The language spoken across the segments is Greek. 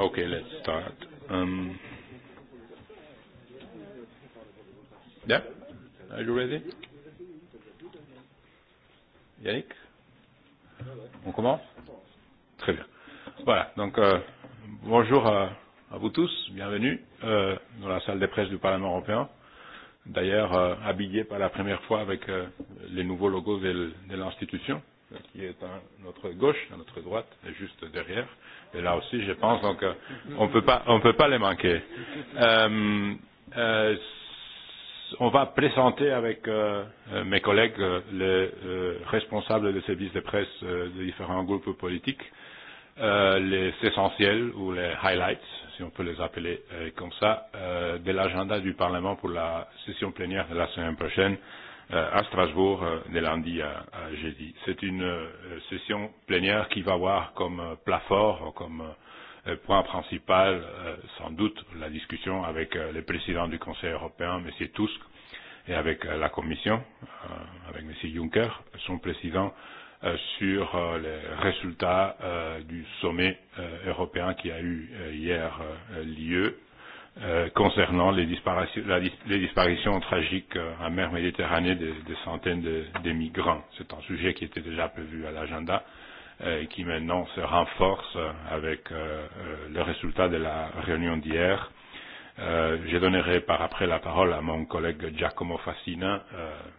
Okay, let's start. yeah? Are you ready? Yannick? On commence Très bien. Voilà, donc euh, bonjour à, à vous tous, bienvenue euh, dans la salle des presse du Parlement européen. D'ailleurs, habillé pour la première fois avec les nouveaux logos de, l'institution qui est à notre gauche, à notre droite, et juste derrière. Et là aussi, je pense donc on peut pas on peut pas les manquer. Euh, on va présenter avec mes collègues les responsables des services de presse de différents groupes politiques les essentiels ou les highlights, si on peut les appeler comme ça, de l'agenda du Parlement pour la session plénière de la semaine prochaine à Strasbourg de lundi à jeudi. C'est une session plénière qui va avoir comme plat fort, comme point principal, sans doute, la discussion avec le président du Conseil européen, M. Tusk, et avec la Commission, avec M. Juncker, son président, sur les résultats du sommet européen qui a eu hier lieu concernant les disparitions, les disparitions tragiques en mer Méditerranée des de centaines de, de migrants. C'est un sujet qui était déjà prévu à l'agenda et qui maintenant se renforce avec le résultat de la réunion d'hier. Je donnerai par après la parole à mon collègue Giacomo Fassina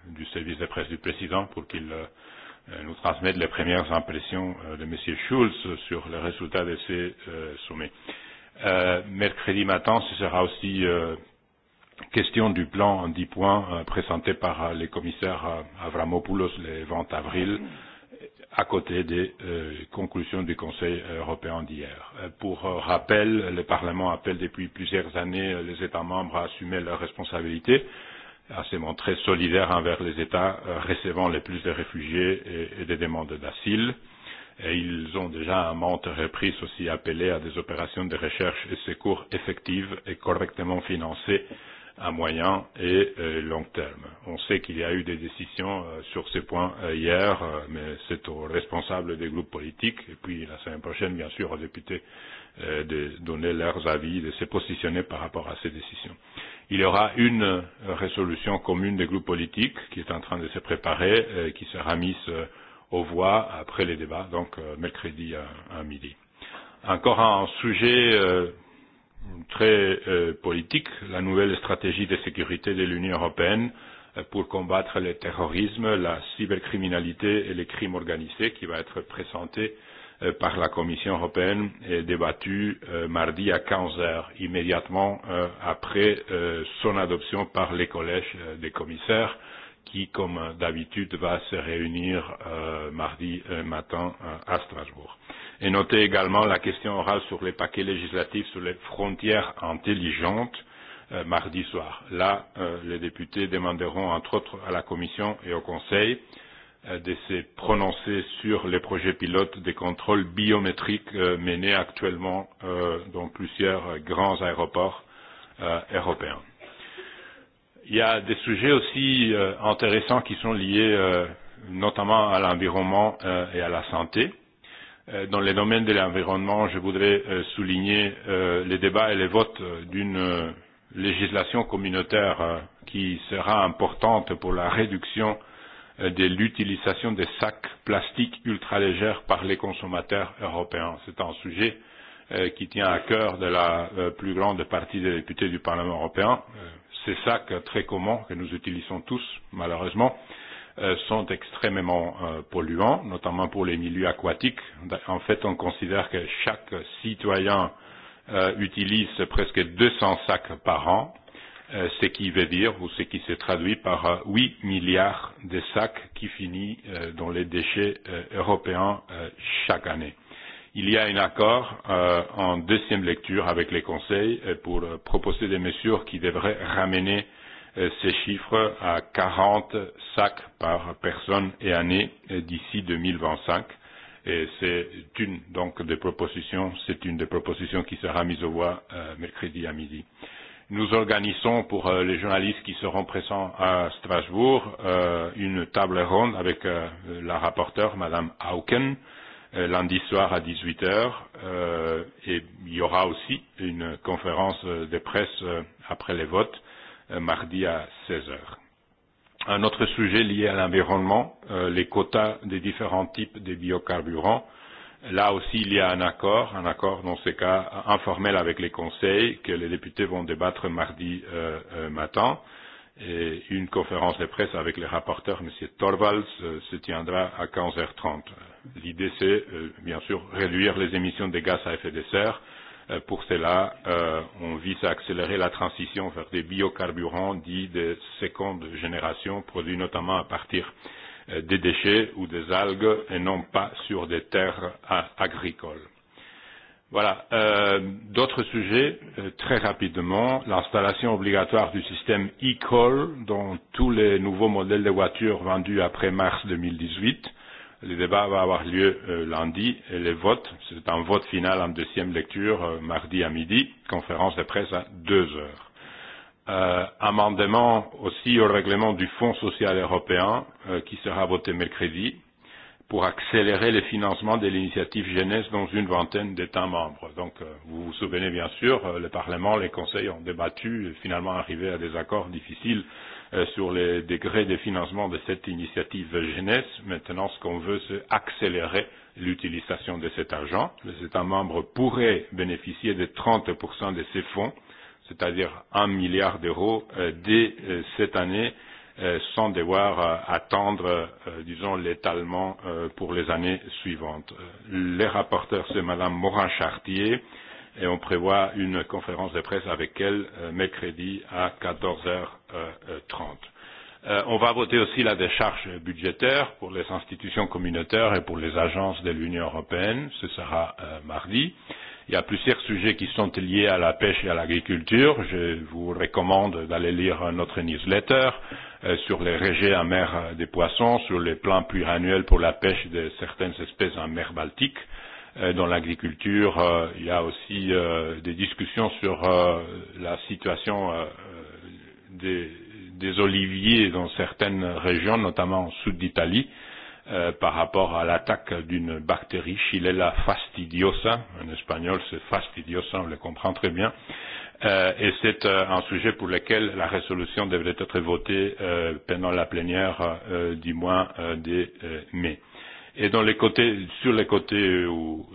du service de presse du président pour qu'il nous transmette les premières impressions de M. Schulz sur le résultat de ces sommets mercredi matin, ce sera aussi question du plan en 10 points présenté par les commissaires Avramopoulos le 20 avril, à côté des conclusions du Conseil européen d'hier. Pour rappel, le Parlement appelle depuis plusieurs années les États membres à assumer leurs responsabilités, à se montrer solidaires envers les États recevant les plus de réfugiés et des demandes d'asile et ils ont déjà à maintes reprises aussi appelé à des opérations de recherche et secours effectives et correctement financées à moyen et long terme. On sait qu'il y a eu des décisions sur ces points hier, mais c'est aux responsables des groupes politiques et puis la semaine prochaine, bien sûr, aux députés de donner leurs avis, de se positionner par rapport à ces décisions. Il y aura une résolution commune des groupes politiques qui est en train de se préparer, qui sera mise aux voix après les débats, donc mercredi à midi. Encore un sujet très politique, la nouvelle stratégie de sécurité de l'Union européenne pour combattre le terrorisme, la cybercriminalité et les crimes organisés qui va être présentée par la Commission européenne et débattue mardi à 15 heures, immédiatement après son adoption par les collèges des commissaires qui, comme d'habitude, va se réunir mardi matin à Strasbourg. Et notez également la question orale sur les paquets législatifs sur les frontières intelligentes mardi soir. Là, les députés demanderont, entre autres, à la Commission et au Conseil de se prononcer sur les projets pilotes des contrôles biométriques menés actuellement dans plusieurs grands aéroports européens. Il y a des sujets aussi intéressants qui sont liés notamment à l'environnement et à la santé. Dans les domaines de l'environnement, je voudrais souligner les débats et les votes d'une législation communautaire qui sera importante pour la réduction de l'utilisation des sacs plastiques ultra légers par les consommateurs européens. C'est un sujet qui tient à cœur de la plus grande partie des députés du Parlement européen ces sacs très communs que nous utilisons tous, malheureusement, sont extrêmement polluants, notamment pour les milieux aquatiques. En fait, on considère que chaque citoyen utilise presque 200 sacs par an, ce qui veut dire, ou ce qui se traduit par 8 milliards de sacs qui finissent dans les déchets européens chaque année il y a un accord en deuxième lecture avec les conseils pour proposer des mesures qui devraient ramener ces chiffres à 40 sacs par personne et année d'ici 2025. Et c'est une donc des propositions, c'est une des propositions qui sera mise aux voix mercredi à midi. Nous organisons pour les journalistes qui seront présents à Strasbourg une table ronde avec la rapporteure, Madame Hauken, lundi soir à 18h euh, et il y aura aussi une conférence de presse après les votes mardi à 16h. Un autre sujet lié à l'environnement, les quotas des différents types de biocarburants. Là aussi, il y a un accord, un accord dans ce cas informel avec les conseils que les députés vont débattre mardi matin une conférence de presse avec le rapporteur, M. Torvalds, se tiendra à 15h30. L'idée, c'est, bien sûr, réduire les émissions de gaz à effet de serre. Pour cela, on vise à accélérer la transition vers des biocarburants dits de seconde génération, produits notamment à partir des déchets ou des algues et non pas sur des terres agricoles. Voilà. Euh, D'autres sujets, très rapidement, l'installation obligatoire du système e-call dans tous les nouveaux modèles de voitures vendus après mars 2018. Le débat va avoir lieu lundi et les votes, c'est un vote final en deuxième lecture mardi à midi, conférence de presse à deux heures. Euh, amendement aussi au règlement du Fonds social européen qui sera voté mercredi pour accélérer le financement de l'initiative jeunesse dans une vingtaine d'États membres. Donc, vous vous souvenez bien sûr, le Parlement, les conseils ont débattu et finalement arrivé à des accords difficiles sur les degrés de financement de cette initiative jeunesse. Maintenant, ce qu'on veut, c'est accélérer l'utilisation de cet argent. Les États membres pourraient bénéficier de 30% de ces fonds, c'est-à-dire un milliard d'euros, dès cette année sans devoir attendre, disons, l'étalement pour les années suivantes. Le rapporteur, c'est Madame Morin-Chartier, et on prévoit une conférence de presse avec elle mercredi à 14h30. On va voter aussi la décharge budgétaire pour les institutions communautaires et pour les agences de l'Union européenne. Ce sera mardi. Il y a plusieurs sujets qui sont liés à la pêche et à l'agriculture. Je vous recommande d'aller lire notre newsletter sur les rejets en mer des poissons, sur les plans pluriannuels pour la pêche de certaines espèces en mer Baltique. Dans l'agriculture, il y a aussi des discussions sur la situation des oliviers dans certaines régions, notamment au sud d'Italie par rapport à l'attaque d'une bactérie, Chilella fastidiosa, en espagnol c'est fastidiosa, on le comprend très bien, et c'est un sujet pour lequel la résolution devrait être votée pendant la plénière du mois de mai. Et dans les côtés, sur les côtés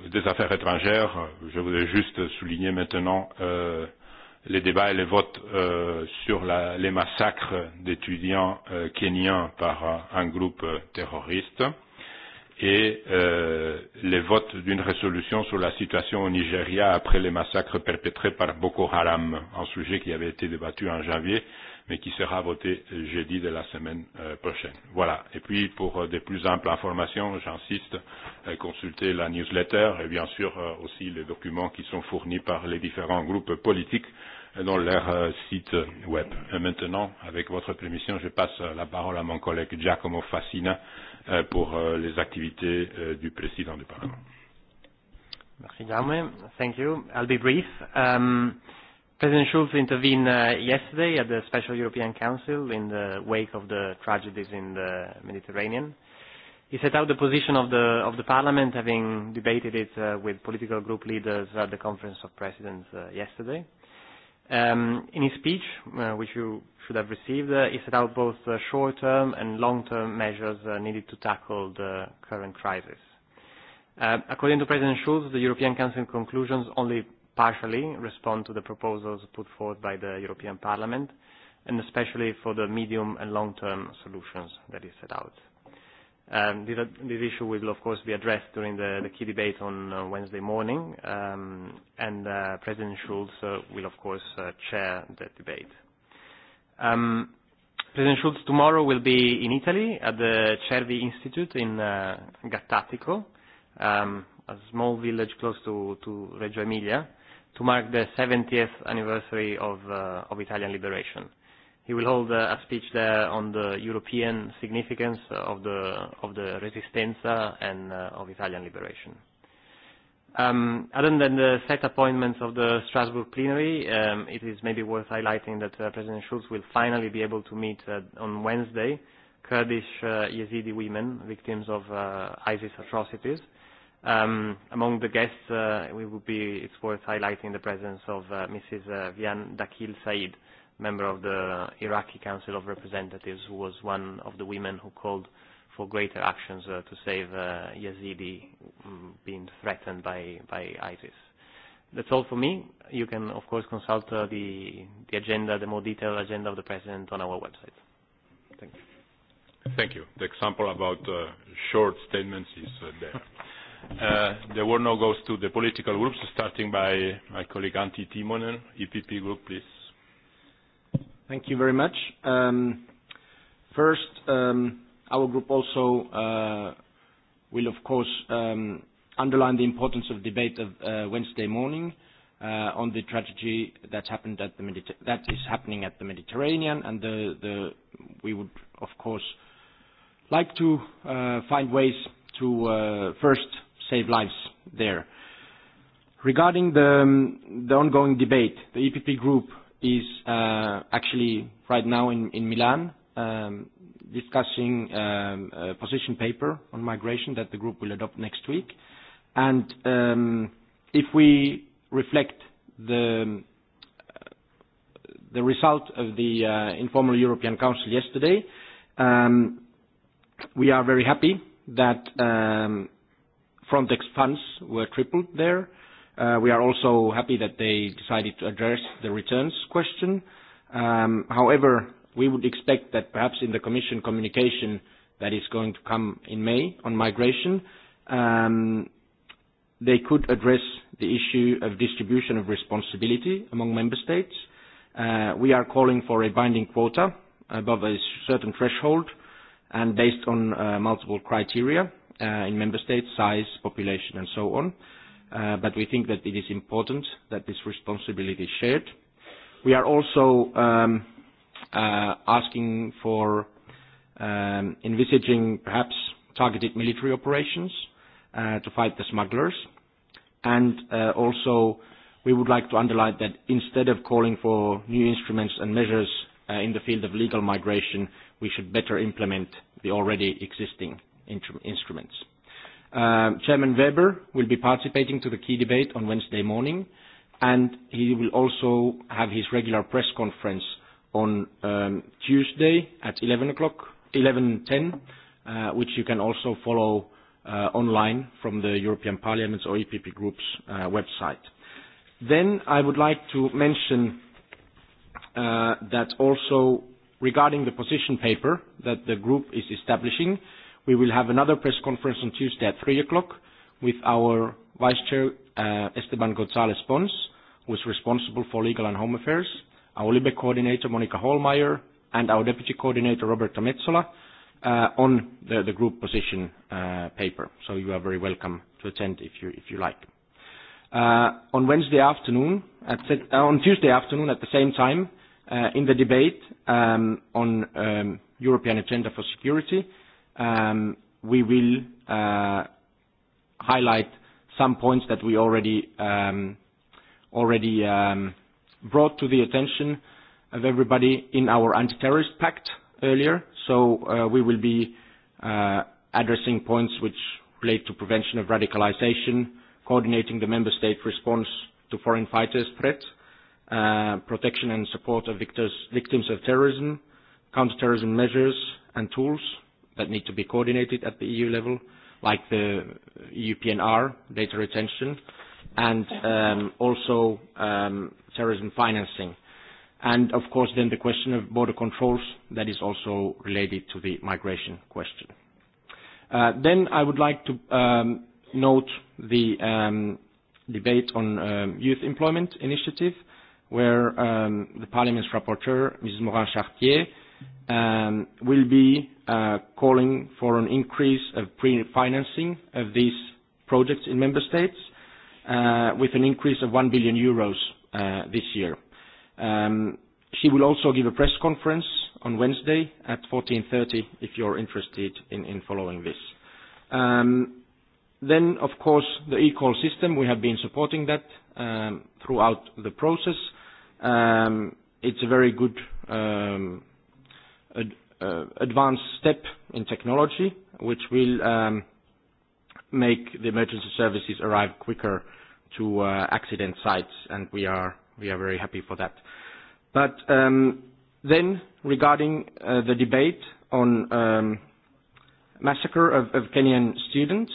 des affaires étrangères, je voudrais juste souligner maintenant les débats et les votes sur les massacres d'étudiants kenyans par un groupe terroriste et les votes d'une résolution sur la situation au Nigeria après les massacres perpétrés par Boko Haram, un sujet qui avait été débattu en janvier mais qui sera voté jeudi de la semaine prochaine. Voilà. Et puis, pour des plus amples informations, j'insiste, à consulter la newsletter et bien sûr aussi les documents qui sont fournis par les différents groupes politiques dans leur site web. Maintenant, avec votre permission, je passe la parole à mon collègue Giacomo Fassina pour les activités du président du Parlement. Merci, Jaume. Thank you. I'll be brief. Um, President Schulz intervened yesterday at the Special European Council in the wake of the tragedies in the Mediterranean. He set out the position of the, of the Parliament, having debated it with political group leaders at the Conference of Presidents yesterday. Um, in his speech, which you should have received, he set out both short-term and long-term measures needed to tackle the current crisis. according to President Schulz, the European Council conclusions only partially respond to the proposals put forth by the European Parliament, and especially for the medium and long-term solutions that he set out. This issue will, of course, be addressed during the key debate on Wednesday morning, and President Schulz will, of course, chair the debate. President Schulz tomorrow will be in Italy at the Cervi Institute in Gattatico, a small village close to Reggio Emilia, to mark the 70th anniversary of Italian liberation. He will hold a speech there on the European significance of the of the Resistenza and of Italian liberation. Other than the set appointments of the Strasbourg plenary, it is maybe worth highlighting that President Schulz will finally be able to meet on Wednesday Kurdish Yazidi women, victims of ISIS atrocities. Among the guests, we will be, it's worth highlighting the presence of Mrs. Vian Dakil Said member of the Iraqi Council of Representatives, who was one of the women who called for greater actions to save Yazidi being threatened by by ISIS. That's all for me. You can, of course, consult the the agenda, the more detailed agenda of the President on our website. Thank you. Thank you. The example about short statements is there. The word now goes to the political groups, starting by my colleague Antti Timonen, EPP Group, please. Thank you very much. first, our group also will, of course, underline the importance of debate of Wednesday morning on the tragedy that happened at the that is happening at the Mediterranean, and we would, of course, like to find ways to first save lives there. Regarding the ongoing debate, the EPP group is actually right now in in Milan um discussing um a position paper on migration that the group will adopt next week. And um if we reflect the the result of the informal European Council yesterday, um we are very happy that um Frontex funds were tripled there We are also happy that they decided to address the returns question. However, we would expect that perhaps in the Commission communication that is going to come in May on migration, they could address the issue of distribution of responsibility among member states. We are calling for a binding quota above a certain threshold and based on multiple criteria in member states, size, population, and so on but we think that it is important that this responsibility is shared. We are also asking for envisaging perhaps targeted military operations to fight the smugglers. And also we would like to underline that instead of calling for new instruments and measures in the field of legal migration, we should better implement the already existing instruments. Chairman Weber will be participating to the key debate on Wednesday morning, and he will also have his regular press conference on Tuesday at 11 o'clock, 11.10, which you can also follow online from the European Parliament's or EPP Group's website. Then I would like to mention that also regarding the position paper that the group is establishing, We will have another press conference on Tuesday at 3 o'clock with our Vice Chair Esteban González Pons, who is responsible for Legal and Home Affairs, our LIBE Coordinator Monica Hohlmeier, and our Deputy Coordinator Roberta Metsola on the group position paper. So you are very welcome to attend if you like. On Wednesday afternoon, on Tuesday afternoon at the same time, in the debate on European Agenda for Security, we will highlight some points that we already already brought to the attention of everybody in our anti-terrorist pact earlier. So we will be addressing points which relate to prevention of radicalization, coordinating the member state response to foreign fighters threat, protection and support of victims of terrorism, counter-terrorism measures and tools, that need to be coordinated at the EU level, like the UPNR, data retention, and also terrorism financing. And, of course, then the question of border controls, that is also related to the migration question. Then I would like to note the debate on youth employment initiative, where the Parliament's rapporteur, Mrs. Morin-Chartier, will be calling for an increase of pre-financing of these projects in member states with an increase of 1 billion euros this year. She will also give a press conference on Wednesday at 14.30 if you're interested in following this. Then, of course, the e-call system, we have been supporting that throughout the process. It's a very good advanced step in technology, which will make the emergency services arrive quicker to accident sites, and we are we are very happy for that. But then, regarding the debate on massacre of Kenyan students,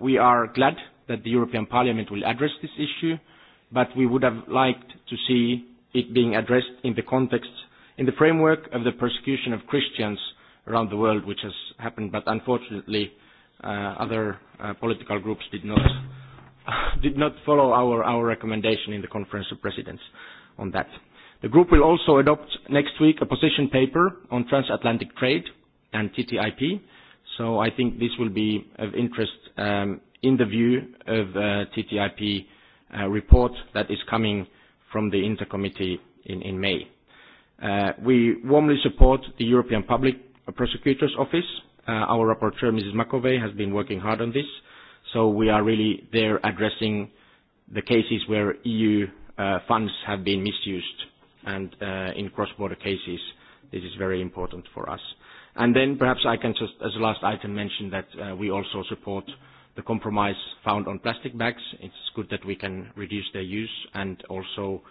we are glad that the European Parliament will address this issue, but we would have liked to see it being addressed in the context in the framework of the persecution of Christians around the world, which has happened, but unfortunately other political groups did not did not follow our our recommendation in the Conference of Presidents on that. The group will also adopt next week a position paper on transatlantic trade and TTIP, so I think this will be of interest in the view of the TTIP report that is coming from the Intercommittee in May. We warmly support the European Public Prosecutor's Office. Our rapporteur, Mrs. McAvoy, has been working hard on this, so we are really there addressing the cases where EU funds have been misused, and in cross-border cases, this is very important for us. And then perhaps I can just, as a last item, mention that we also support the compromise found on plastic bags. It's good that we can reduce their use and also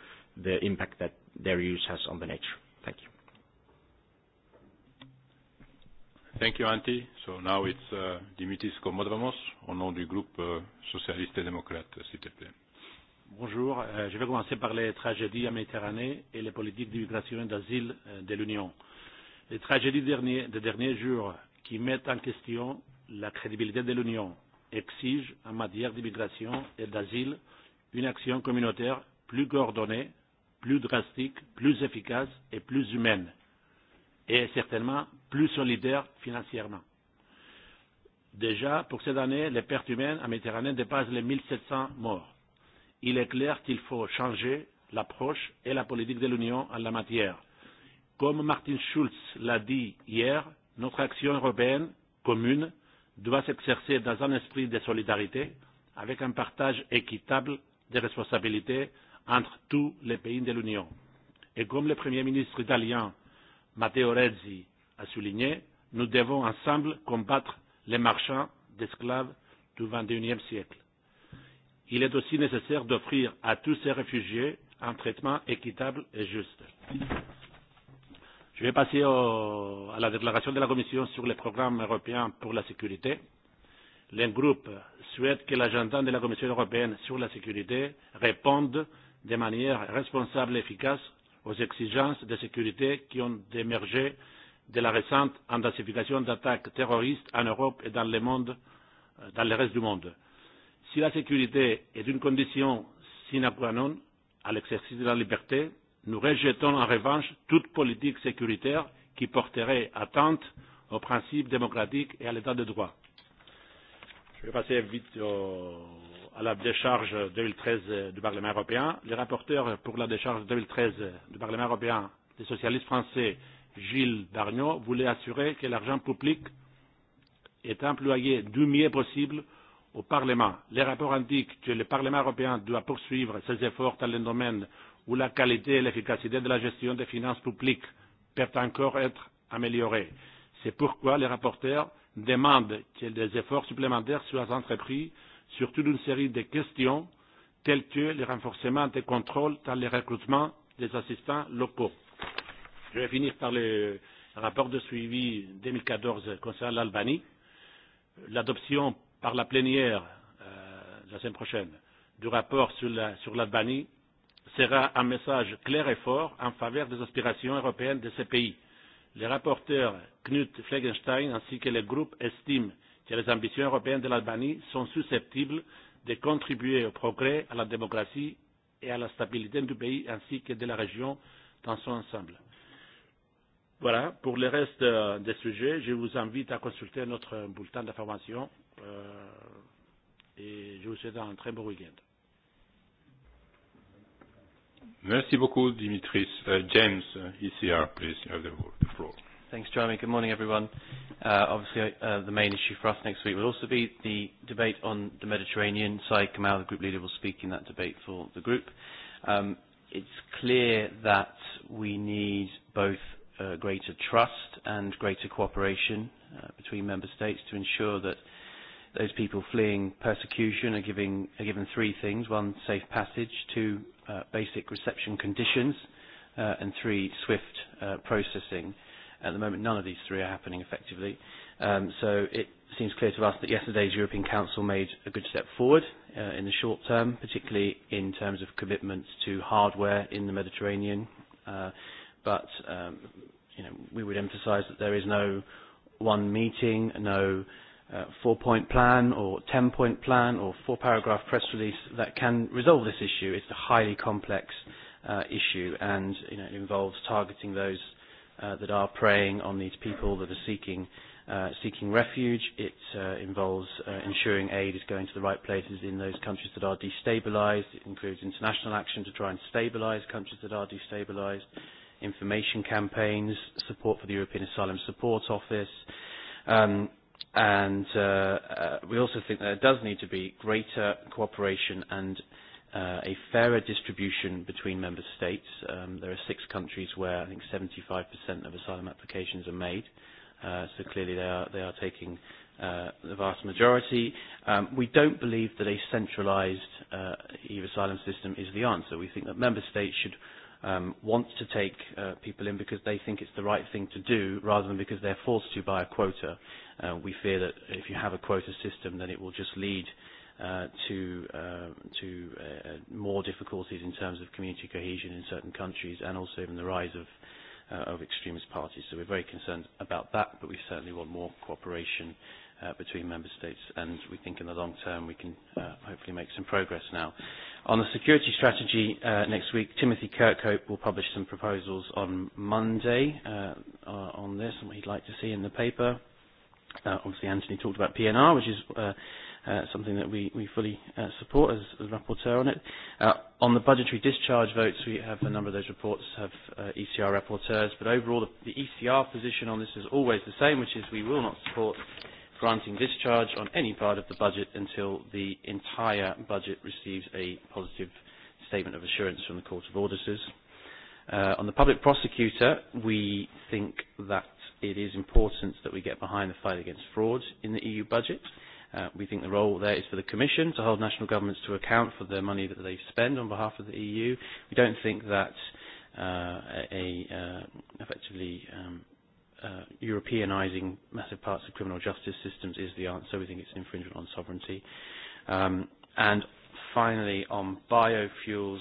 the impact that their use has on the nature. Thank you. Thank you, Antti. So now it's Dimitris Komodramos, au nom du groupe socialiste et démocrate, s'il te plaît. Bonjour, je vais commencer par les tragédies en Méditerranée et les politiques d'immigration et d'asile de l'Union. Les tragédies des derniers jours qui mettent en question la crédibilité de l'Union exigent en matière d'immigration et d'asile une action communautaire plus coordonnée plus drastique, plus efficace et plus humaine, et certainement plus solidaire financièrement. Déjà, pour cette année, les pertes humaines en Méditerranée dépassent les 1700 morts. Il est clair qu'il faut changer l'approche et la politique de l'Union en la matière. Comme Martin Schulz l'a dit hier, notre action européenne commune doit s'exercer dans un esprit de solidarité, avec un partage équitable des responsabilités entre tous les pays de l'Union. Et comme le Premier ministre italien Matteo Renzi a souligné, nous devons ensemble combattre les marchands d'esclaves du XXIe siècle. Il est aussi nécessaire d'offrir à tous ces réfugiés un traitement équitable et juste. Je vais passer à la déclaration de la Commission sur les programmes européens pour la sécurité. Le groupe souhaite que l'agenda de la Commission européenne sur la sécurité réponde de manière responsable et efficace aux exigences de sécurité qui ont émergé de la récente intensification d'attaques terroristes en Europe et dans le, monde, dans le reste du monde. Si la sécurité est une condition sine qua non à l'exercice de la liberté, nous rejetons en revanche toute politique sécuritaire qui porterait atteinte aux principes démocratiques et à l'état de droit. Je vais passer vite à la décharge 2013 du Parlement européen. Le rapporteur pour la décharge 2013 du Parlement européen des socialistes français, Gilles Darnot, voulait assurer que l'argent public est employé du mieux possible au Parlement. Les rapports indiquent que le Parlement européen doit poursuivre ses efforts dans le domaine où la qualité et l'efficacité de la gestion des finances publiques peuvent encore être améliorées. C'est pourquoi les rapporteurs demande que des efforts supplémentaires soient entrepris sur toute une série de questions telles que le renforcement des contrôles dans le recrutement des assistants locaux. Je vais finir par le rapport de suivi 2014 concernant l'Albanie. L'adoption par la plénière la semaine prochaine du rapport sur l'Albanie sera un message clair et fort en faveur des aspirations européennes de ces pays Le rapporteur Knut Fleckenstein ainsi que le groupe estiment que les ambitions européennes de l'Albanie sont susceptibles de contribuer au progrès, à la démocratie et à la stabilité du pays ainsi que de la région dans son ensemble. Voilà, pour le reste des sujets, je vous invite à consulter notre bulletin d'information et je vous souhaite un très bon week-end. Merci beaucoup, Dimitris. James, ECR, please, you have the floor. Thanks, Jeremy. Good morning, everyone. Obviously, the main issue for us next week will also be the debate on the Mediterranean. side. Kamal, the group leader, will speak in that debate for the group. It's clear that we need both greater trust and greater cooperation between member states to ensure that those people fleeing persecution are, giving, are given three things. One, safe passage. Two, basic reception conditions. and three, swift processing. At the moment, none of these three are happening effectively. Um, so it seems clear to us that yesterday's European Council made a good step forward in the short term, particularly in terms of commitments to hardware in the Mediterranean. but um, you know, we would emphasize that there is no one meeting, no four-point plan or ten-point plan or four-paragraph press release that can resolve this issue. It's a highly complex issue and you know, it involves targeting those that are preying on these people that are seeking seeking refuge. It involves ensuring aid is going to the right places in those countries that are destabilized. It includes international action to try and stabilize countries that are destabilized, information campaigns, support for the European Asylum Support Office, um, And we also think that there does need to be greater cooperation and a fairer distribution between member states. There are six countries where I think 75% of asylum applications are made. So clearly they are they are taking the vast majority. We don't believe that a centralised EU asylum system is the answer. We think that member states should want to take people in because they think it's the right thing to do rather than because they're forced to by a quota we fear that if you have a quota system, then it will just lead to to more difficulties in terms of community cohesion in certain countries and also even the rise of of extremist parties. So we're very concerned about that, but we certainly want more cooperation between member states, and we think in the long term we can hopefully make some progress now. On the security strategy next week, Timothy Kirkhope will publish some proposals on Monday on this and what he'd like to see in the paper. Obviously, Anthony talked about PNR, which is something that we we fully support as as rapporteur on it. On the budgetary discharge votes, we have a number of those reports have ECR rapporteurs, but overall the ECR position on this is always the same, which is we will not support granting discharge on any part of the budget until the entire budget receives a positive statement of assurance from the Court of Auditors. On the public prosecutor, we think that it is important that we get behind the fight against fraud in the EU budget. We think the role there is for the Commission to hold national governments to account for the money that they spend on behalf of the EU. We don't think that a effectively Europeanizing massive parts of criminal justice systems is the answer. We think it's an infringement on sovereignty. And Finally, on biofuels,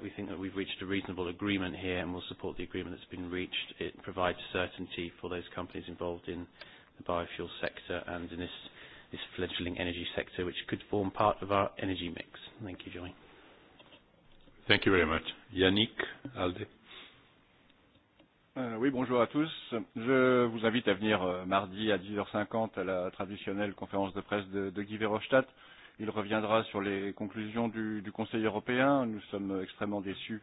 we think that we've reached a reasonable agreement here and will support the agreement that's been reached. It provides certainty for those companies involved in the biofuel sector and in this this fledgling energy sector, which could form part of our energy mix. Thank you, Johnny. Thank you very much. Yannick Alde. Oui, bonjour à tous. Je vous invite à venir mardi à 10h50 à la traditionnelle conférence de presse de Guy Verhofstadt. Il reviendra sur les conclusions du, du Conseil européen. Nous sommes extrêmement déçus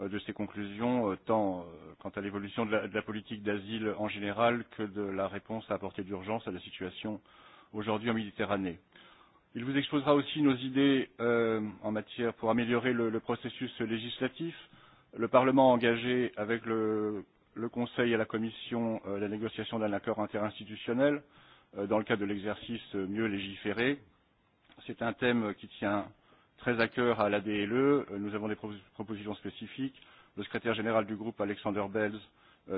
de ces conclusions, tant quant à l'évolution de, la politique d'asile en général que de la réponse à apporter d'urgence à la situation aujourd'hui en Méditerranée. Il vous exposera aussi nos idées en matière pour améliorer le, processus législatif. Le Parlement a engagé avec le, le Conseil et la Commission la négociation d'un accord interinstitutionnel dans le cadre de l'exercice mieux légiféré C'est un thème qui tient très à cœur à la DLE. Nous avons des propositions spécifiques. Le secrétaire général du groupe, Alexander Bells,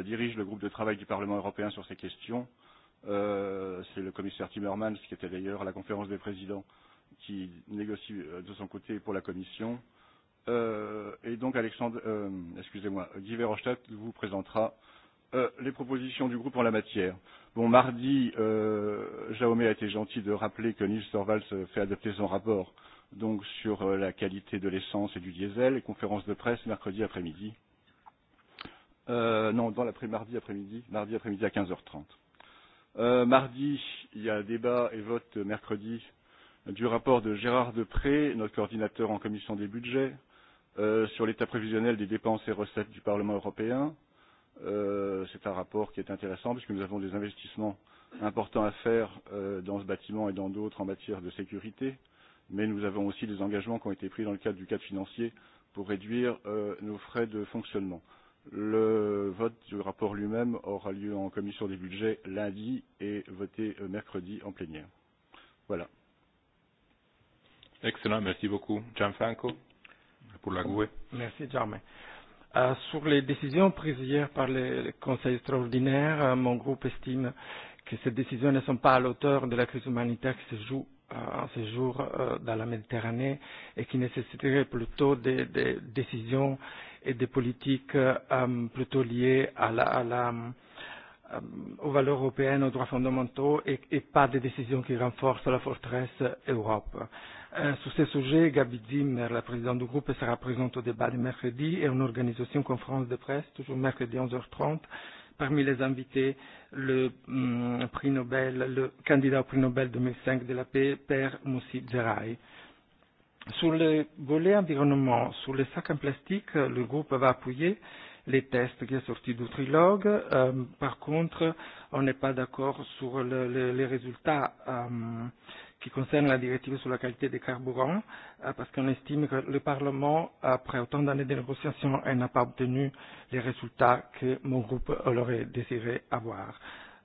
dirige le groupe de travail du Parlement européen sur ces questions. C'est le commissaire Timmermans, qui était d'ailleurs à la conférence des présidents, qui négocie de son côté pour la Commission. Et donc, Alexandre, excusez-moi, Guy Verhofstadt vous présentera les propositions du groupe en la matière. Bon, mardi, euh, Jaume a été gentil de rappeler que Nils Torvalds fait adopter son rapport donc sur la qualité de l'essence et du diesel, et conférence de presse mercredi après-midi. Euh, non, dans l'après-mardi après-midi, mardi après-midi à 15h30. Euh, mardi, il y a débat et vote mercredi du rapport de Gérard Depré, notre coordinateur en commission des budgets, euh, sur l'état prévisionnel des dépenses et recettes du Parlement européen. C'est un rapport qui est intéressant puisque nous avons des investissements importants à faire dans ce bâtiment et dans d'autres en matière de sécurité, mais nous avons aussi des engagements qui ont été pris dans le cadre du cadre financier pour réduire nos frais de fonctionnement. Le vote du rapport lui-même aura lieu en commission des budgets lundi et voté mercredi en plénière. Voilà. Excellent, merci beaucoup. Gianfranco, pour la GUE. Merci, Germain. Sur les décisions prises hier par le Conseil extraordinaire, mon groupe estime que ces décisions ne sont pas à l'auteur de la crise humanitaire qui se joue en ce jour dans la Méditerranée et qui nécessiterait plutôt des décisions et des politiques plutôt liées à la à la aux valeurs européennes, aux droits fondamentaux et pas des décisions qui renforcent la forteresse Europe. Sur ce sujet, Gabi Zimmer, la présidente du groupe, sera présente au débat de mercredi et on organise aussi une conférence de presse, toujours mercredi 11h30. Parmi les invités, le prix Nobel, le candidat au prix Nobel 2005 de la paix, Père Moussi Zeraï. Sur le volet environnement, sur les sacs en plastique, le groupe va appuyer les tests qui sont sortis du trilogue. Par contre, on n'est pas d'accord sur les résultats qui concerne la directive sur la qualité des carburants, parce qu'on estime que le Parlement, après autant d'années de négociations, n'a pas obtenu les résultats que mon groupe aurait désiré avoir.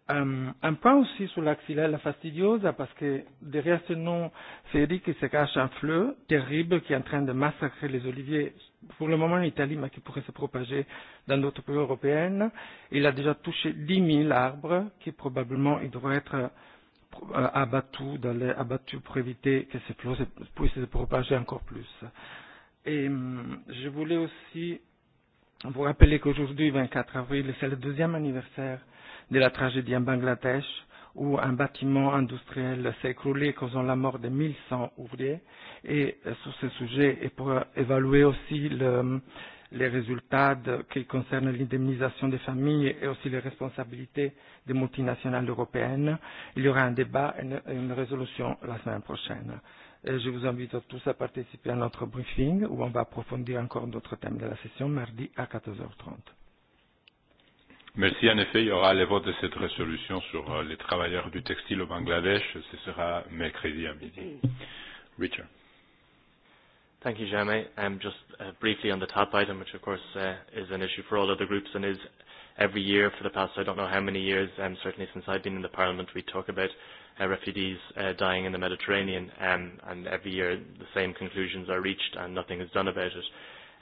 Un point aussi sur l'axillaire fastidiosa, parce que derrière ce nom qu'il se cache un fleu terrible qui est en train de massacrer les oliviers, pour le moment en Italie, mais qui pourrait se propager dans d'autres pays européens. Il a déjà touché 10 000 arbres, qui probablement devraient être abattus, dans les, pour éviter que ces flots puissent se propager encore plus. Et je voulais aussi vous rappeler qu'aujourd'hui, 24 avril, c'est le deuxième anniversaire de la tragédie en Bangladesh, où un bâtiment industriel s'est écroulé causant la mort de 1100 ouvriers. Et sur ce sujet, et pour évaluer aussi le, les résultats qui concernent l'indemnisation des familles et aussi les responsabilités des multinationales européennes. Il y aura un débat et une résolution la semaine prochaine. Et je vous invite tous à participer à notre briefing où on va approfondir encore d'autres thèmes de la session mardi à 14h30. Merci. En effet, il y aura les votes de cette résolution sur les travailleurs du textile au Bangladesh. Ce sera mercredi à midi. Richard. Thank you, Jeremy. Um, just uh, briefly on the top item, which of course uh, is an issue for all other groups and is every year for the past, I don't know how many years, um, certainly since I've been in the Parliament, we talk about uh, refugees uh, dying in the Mediterranean, um, and every year the same conclusions are reached and nothing is done about it.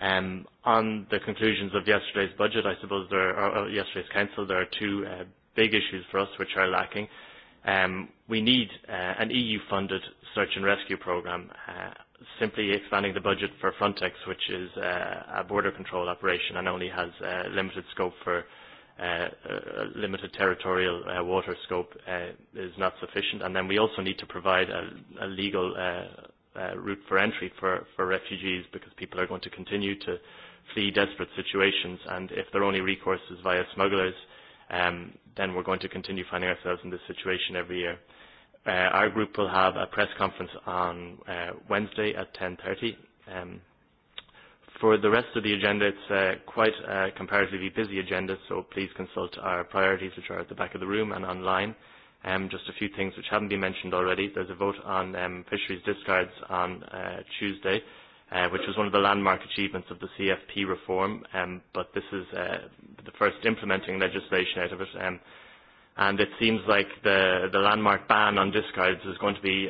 Um, on the conclusions of yesterday's budget, I suppose there are, or yesterday's council, there are two uh, big issues for us which are lacking. Um, we need uh, an EU-funded search and rescue programme simply expanding the budget for Frontex, which is a border control operation and only has limited scope for limited territorial water scope, is not sufficient. And then we also need to provide a legal route for entry for refugees because people are going to continue to flee desperate situations. And if their only recourse is via smugglers, then we're going to continue finding ourselves in this situation every year. Our group will have a press conference on Wednesday at 10.30. For the rest of the agenda, it's quite a comparatively busy agenda, so please consult our priorities, which are at the back of the room and online. Just a few things which haven't been mentioned already. There's a vote on fisheries discards on Tuesday, which was one of the landmark achievements of the CFP reform, but this is the first implementing legislation out of it and it seems like the the landmark ban on discards is going to be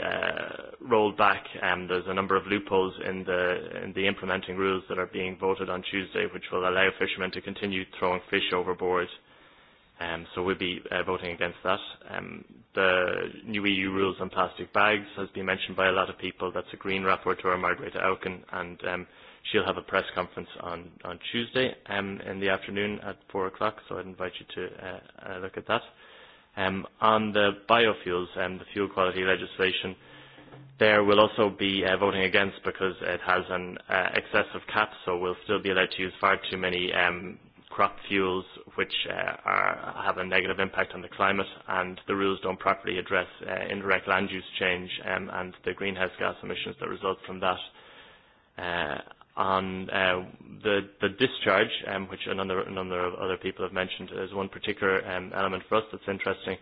rolled back and there's a number of loopholes in the in the implementing rules that are being voted on Tuesday which will allow fishermen to continue throwing fish overboard um so we'll be voting against that um the new EU rules on plastic bags has been mentioned by a lot of people that's a green rapporteur Margaret Auken and um she'll have a press conference on, on Tuesday in the afternoon at 4 o'clock, so I'd invite you to uh, look at that. Um, on the biofuels and the fuel quality legislation, there will also be uh, voting against because it has an uh, excessive cap, so we'll still be allowed to use far too many um, crop fuels which uh, are, have a negative impact on the climate and the rules don't properly address uh, indirect land use change um, and the greenhouse gas emissions that result from that. Uh, on the the discharge, which a number of other people have mentioned. is one particular element for us that's interesting,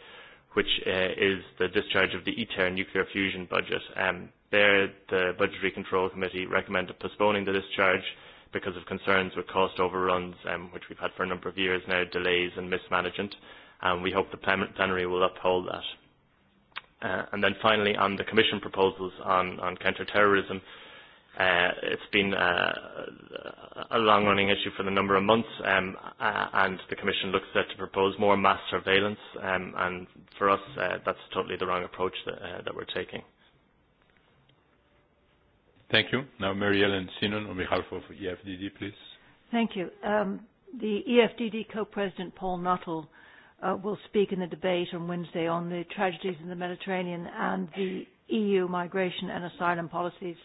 which is the discharge of the ITER nuclear fusion budget. There, the Budgetary Control Committee recommended postponing the discharge because of concerns with cost overruns, which we've had for a number of years now, delays and mismanagement. and We hope the plenary will uphold that. And then finally, on the Commission proposals on counter-terrorism, It's been a long-running issue for the number of months, and the Commission looks set to propose more mass surveillance, and for us, that's totally the wrong approach that we're taking. Thank you. Now, Mary Ellen Sinon, on behalf of EFDD, please. Thank you. The EFDD co-president, Paul Nuttall, will speak in the debate on Wednesday on the tragedies in the Mediterranean and the EU migration and asylum policies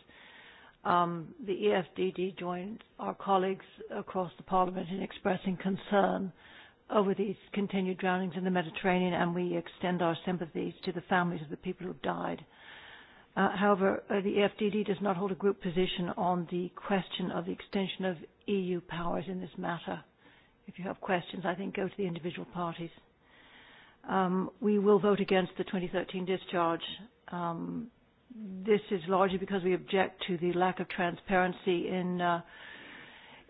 um, the EFDD joins our colleagues across the Parliament in expressing concern over these continued drownings in the Mediterranean, and we extend our sympathies to the families of the people who have died. However, the EFDD does not hold a group position on the question of the extension of EU powers in this matter. If you have questions, I think go to the individual parties. Um We will vote against the 2013 discharge um this is largely because we object to the lack of transparency in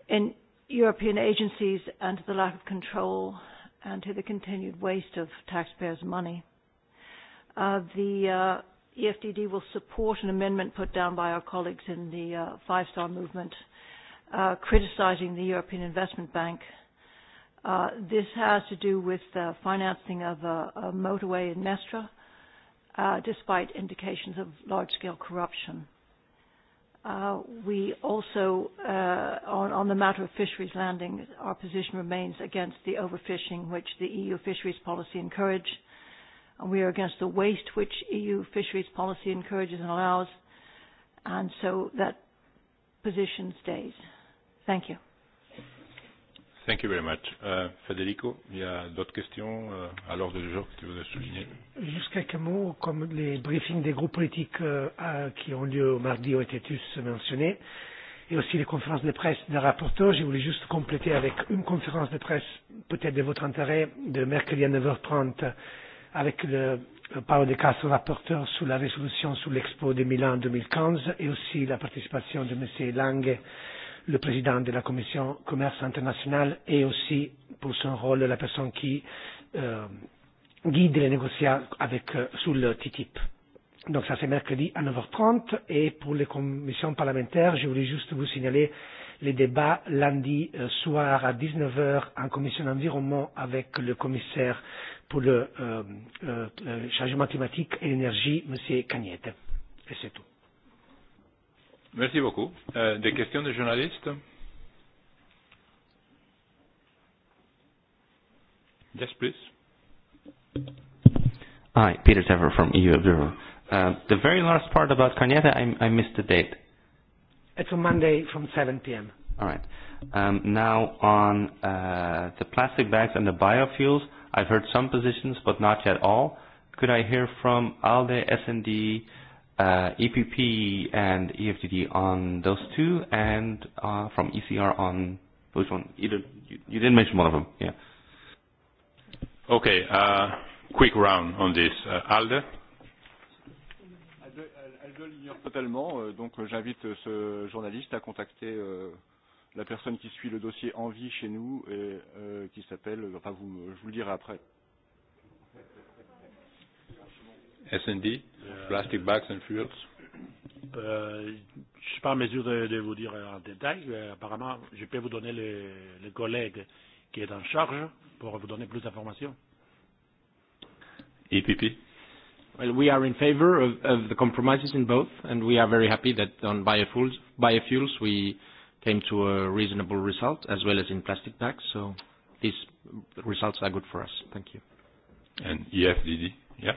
in European agencies and to the lack of control and to the continued waste of taxpayers' money. The EFDD will support an amendment put down by our colleagues in the Five Star Movement criticizing the European Investment Bank. This has to do with the financing of a motorway in Mestra despite indications of large-scale corruption. We also, on the matter of fisheries landing, our position remains against the overfishing which the EU fisheries policy encourage. We are against the waste which EU fisheries policy encourages and allows, and so that position stays. Thank you. Thank you very Federico, il y a d'autres questions à l'ordre du jour que tu voudrais souligner Juste quelques mots, comme les briefings des groupes politiques qui ont lieu au mardi ont été tous mentionnés, et aussi les conférences de presse des rapporteurs. Je voulais juste compléter avec une conférence de presse, peut-être de votre intérêt, de mercredi à 9h30, avec le Paolo De Castro, rapporteur sur la résolution sur l'expo de Milan 2015, et aussi la participation de M. Lange, le président de la Commission commerce international et aussi pour son rôle la personne qui guide les négociations avec, sous le TTIP. Donc ça c'est mercredi à 9h30 et pour les commissions parlementaires, je voulais juste vous signaler les débats lundi soir à 19h en commission d'environnement avec le commissaire pour le changement climatique et l'énergie, M. Cagnette. Et c'est tout. Merci beaucoup. Euh, des questions des journalistes Yes, please. Hi, Peter Tever from EU Observer. Uh, the very last part about Carnetta, I, I missed the date. It's on Monday from 7 p.m. All right. Um, now on uh, the plastic bags and the biofuels, I've heard some positions, but not yet all. Could I hear from ALDE, SND, uh, EPP and EFTD on those two, and uh, from ECR on which one? You didn't, you didn't mention one of them. Yeah. Okay. Uh, quick round on this. Uh, Alde. Alde l'ignore totalement, donc j'invite ce journaliste à contacter la personne qui suit le dossier en vie chez nous et qui s'appelle, enfin vous, je vous le dirai après. S&D, plastic bags and fuels euh, Je suis pas en mesure de, vous dire en détail. Apparemment, je peux vous donner le, le collègue qui est en charge pour vous donner plus d'informations. EPP Well, we are in favor of, of the compromises in both, and we are very happy that on biofuels, biofuels we came to a reasonable result, as well as in plastic bags. So these results are good for us. Thank you. And EFDD, yeah.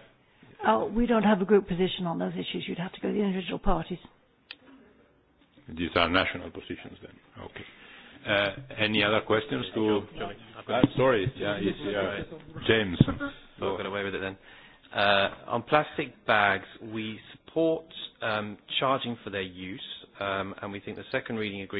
Oh, we don't have a group position on those issues. You'd have to go to the individual parties. These are national positions then. Okay. any other questions to... sorry, yeah, James. away with it then. on plastic bags, we support um, charging for their use, um, and we think the second reading agreement